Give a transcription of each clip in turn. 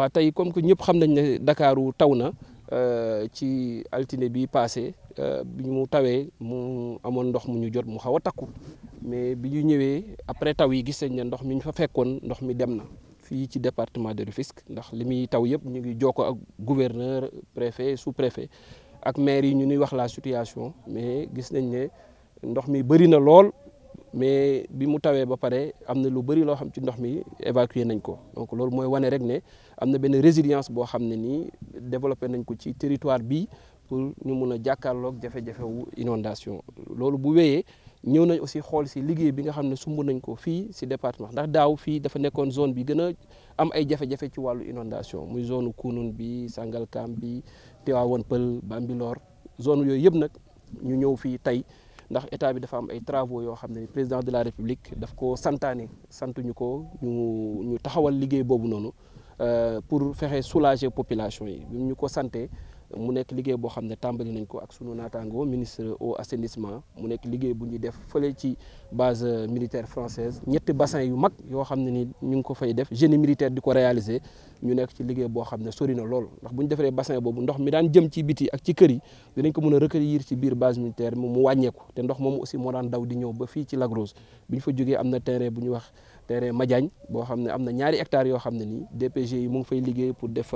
waa tey comme que ñëpp xam nañ ne Ndakaaru taw na euh, ci altine bi passé euh, bi mu tawee mu amoon ndox mu ñu jot mu xaw a takku mais bi ñu ñëwee après taw yi gis nañ ne ndox mi ñu fa fekkoon ndox mi dem na fii ci département de Rufisque ndax li muy taw yëpp ñu ngi jokkoo ak gouverneur préfet sous-préfet ak maire yi ñu nuy wax la situation mais gis nañ ne ndox mi bëri na lool mais bi mu tawee ba pare am na lu bëri loo xam ci ndox mi évacuer nañ ko donc loolu mooy wane rek ne am na benn résilience boo xam ne nii développé nañ ko ci territoire bi pour ñu mun a jàkkaarloog jafe-jafe inondation loolu bu wéyee ñëw nañ aussi xool si liggéey bi nga xam ne sumb nañ ko fii si département ndax daaw fii dafa nekkoon zone bi gën a am ay jafe-jafe ci wàllu inondation muy zone Kounoune bi Sangalkam bi Tivaouane Peulh Bambilor zone yooyu yëpp nag ñu ñëw fii tey ndax état bi dafa am ay travaux yoo xam ne président de la république daf ko santaane santuñu ko ñu ñu taxawal liggéey boobu noonu euh, pour fexe soulager population yi bi ñu ko sante mu nañ ko ak sunu ministre au assainissement mu nekk liggéey bu def ci base militaire française ñetti bassin yu mag ni ñu ngi ko fay def génie militaire di ko réaliser ñu nekk ci liggéey lool ndax bassin mi daan jëm ci biti ak ci kër yi recueillir ci biir base militaire mu ndox aussi moo daan daw di ñëw ba fii ci fa terrain wax terrain hectares DPG yi pour def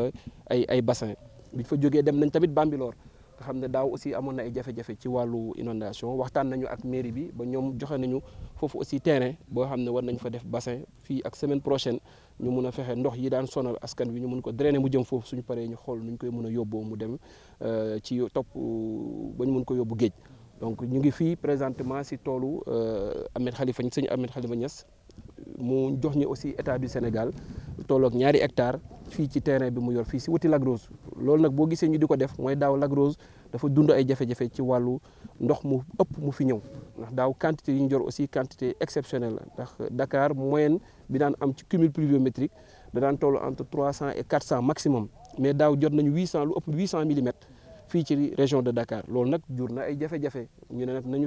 bassin bi fa jógee dem nañ tamit Bambilor nga xam ne daaw aussi amoon na ay jafe-jafe ci wàllu inondation waxtaan nañu ak mairie bi ba ñoom joxe nañu foofu aussi terrain boo xam ne war nañ fa def bassin fii ak semaine prochaine ñu mun a fexe ndox yi daan sonal askan wi ñu mun ko drainer mu jëm foofu suñu paree ñu xool ñu koy mun a yóbboo mu dem euh, ci topp ba mun ko yóbbu géej donc ñu ngi fii présentement si toolu euh, Ahmed Khalifa sëñ Ahmed Khalifa Niass mu jox ñu aussi état du Sénégal tolloog ñaari hectare fii ci terrain bi mu yor fii si wuti Lac loolu nak bo nous ñu diko def moy daw Lac dafa dund ay jafé jafé ci ndox mu ëpp mu fi ñëw ndax quantité aussi quantité exceptionnelle Dakar moyenne bi daan cumul pluviométrique entre 300 et 400 maximum mais daw jot nañu 800 lu ëpp région de Dakar nak jur na ay ñu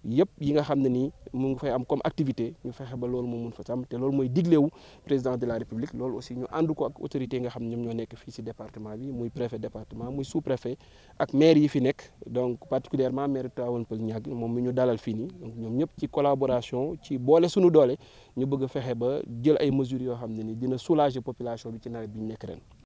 Yep, yi nga xam am comme activité ñu fexe ba loolu Nous mun fa sàmm loolu président de la république loolu aussi ñu ak autorité nga xam département bi muy préfet département muy sous préfet ak maire yi fi nekk donc particulièrement maire mairie de moom mi ñu dalal fii nii donc ñoom ñëpp ci collaboration ci boole suñu doole ñu bëgg ba jël ay mesures yoo xam dina soulager population bi ci